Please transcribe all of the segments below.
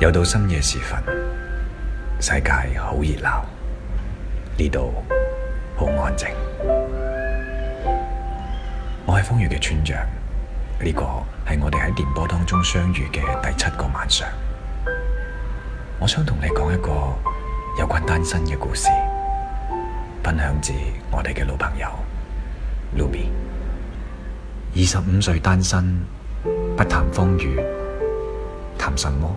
又到深夜時分，世界好熱鬧，呢度好安靜。我係瘋粵嘅村長，呢、這個係我哋喺電波當中相遇嘅第七個晚上。我想同你講一個有關單身嘅故事，分享自我哋嘅老朋友 Ruby。二十五歲單身，不談風月，談什麼？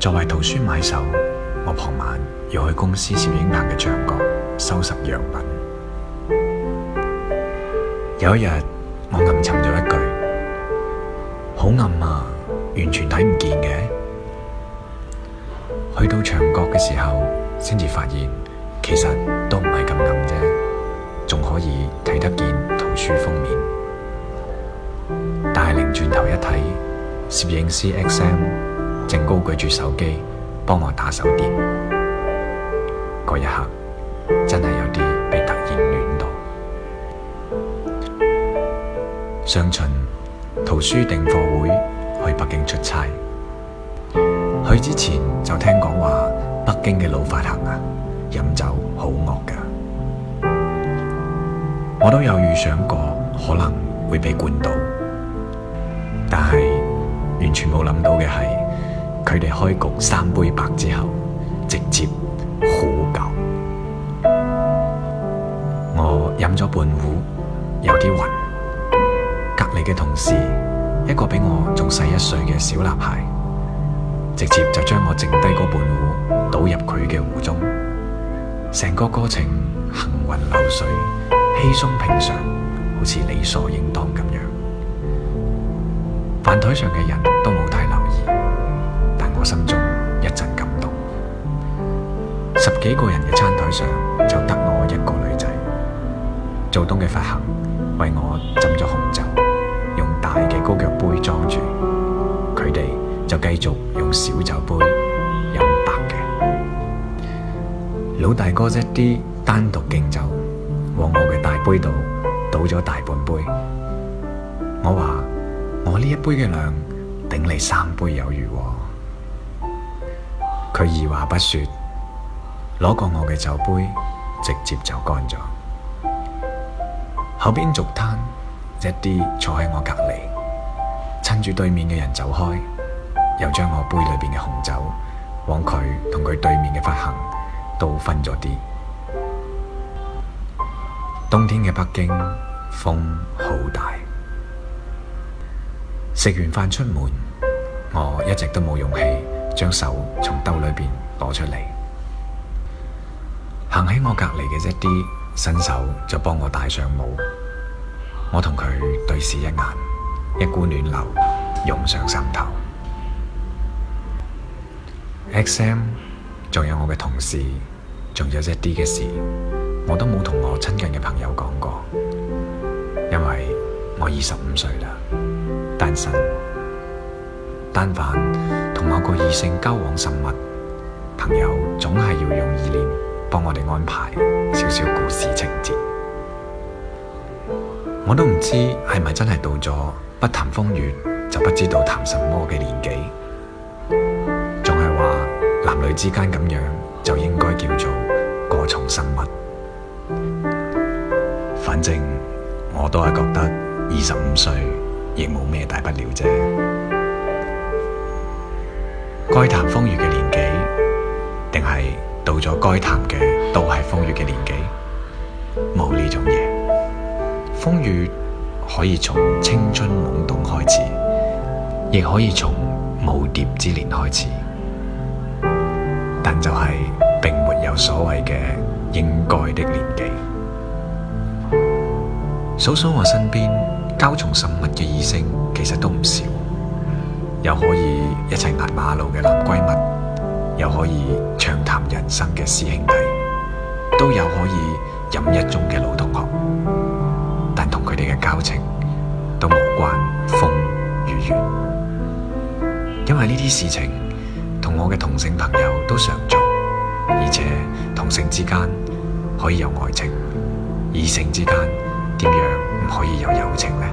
作為圖書,書買手，我傍晚要去公司攝影棚嘅牆角收拾樣品。有一日，我暗沉咗一句：好暗啊，完全睇唔見嘅。去到牆角嘅時候，先至發現其實都唔係咁暗啫，仲可以睇得見圖書封面。但係擰轉頭一睇，攝影師 X M。正高舉住手機幫我打手電，嗰一刻真係有啲被突然暖到。上旬圖書訂貨會去北京出差，去之前就聽講話北京嘅老發行啊，飲酒好惡㗎，我都有預想過可能會被灌到，但係完全冇諗到嘅係。佢哋開局三杯白之後，直接好久。我飲咗半壺，有啲暈。隔離嘅同事，一個比我仲細一歲嘅小男孩，直接就將我剩低嗰半壺倒入佢嘅壺中。成個過程行雲流水，稀鬆平常，好似理所應當咁樣。飯台上嘅人都冇。心中一陣感動，十幾個人嘅餐台上就得我一個女仔。做東嘅發行為我斟咗紅酒，用大嘅高腳杯裝住，佢哋就繼續用小酒杯飲白嘅。老大哥一啲單獨敬酒，往我嘅大杯度倒咗大半杯。我話我呢一杯嘅量頂你三杯有餘喎。佢二話不說，攞過我嘅酒杯，直接就乾咗。後邊續攤一啲坐喺我隔籬，趁住對面嘅人走開，又將我杯裏邊嘅紅酒往佢同佢對面嘅發行都分咗啲。冬天嘅北京風好大，食完飯出門，我一直都冇勇氣。將手從兜裏邊攞出嚟，行喺我隔籬嘅一啲伸手就幫我戴上帽，我同佢對視一眼，一股暖流湧上心頭。XM，仲有我嘅同事，仲有一啲嘅事，我都冇同我親近嘅朋友講過，因為我二十五歲啦，單身。但凡同某個異性交往甚密，朋友總係要用意念幫我哋安排少少故事情節。我都唔知係咪真係到咗不談風月就不知道談什麼嘅年紀，仲係話男女之間咁樣就應該叫做「過重生物」。反正我都係覺得二十五歲亦冇咩大不了啫。該談風雨嘅年紀，定係到咗該談嘅，都係風雨嘅年紀。冇呢種嘢，風雨可以從青春懵懂開始，亦可以從耄耋之年開始。但就係，並沒有所謂嘅應該的年紀。數數我身邊交從甚密嘅異性，其實都唔少。有可以一齊壓馬路嘅男閨蜜，有可以暢談人生嘅師兄弟，都有可以飲一盅嘅老同學，但同佢哋嘅交情都無關風與月。因為呢啲事情同我嘅同性朋友都常做，而且同性之間可以有愛情，異性之間點樣唔可以有友情呢？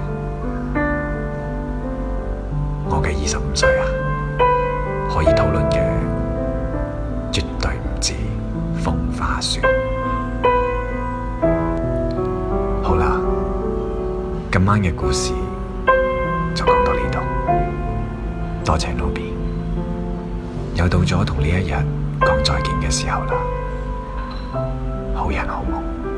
今晚嘅故事就講到呢度，多謝盧比。又到咗同呢一日講再見嘅時候啦，好人好夢。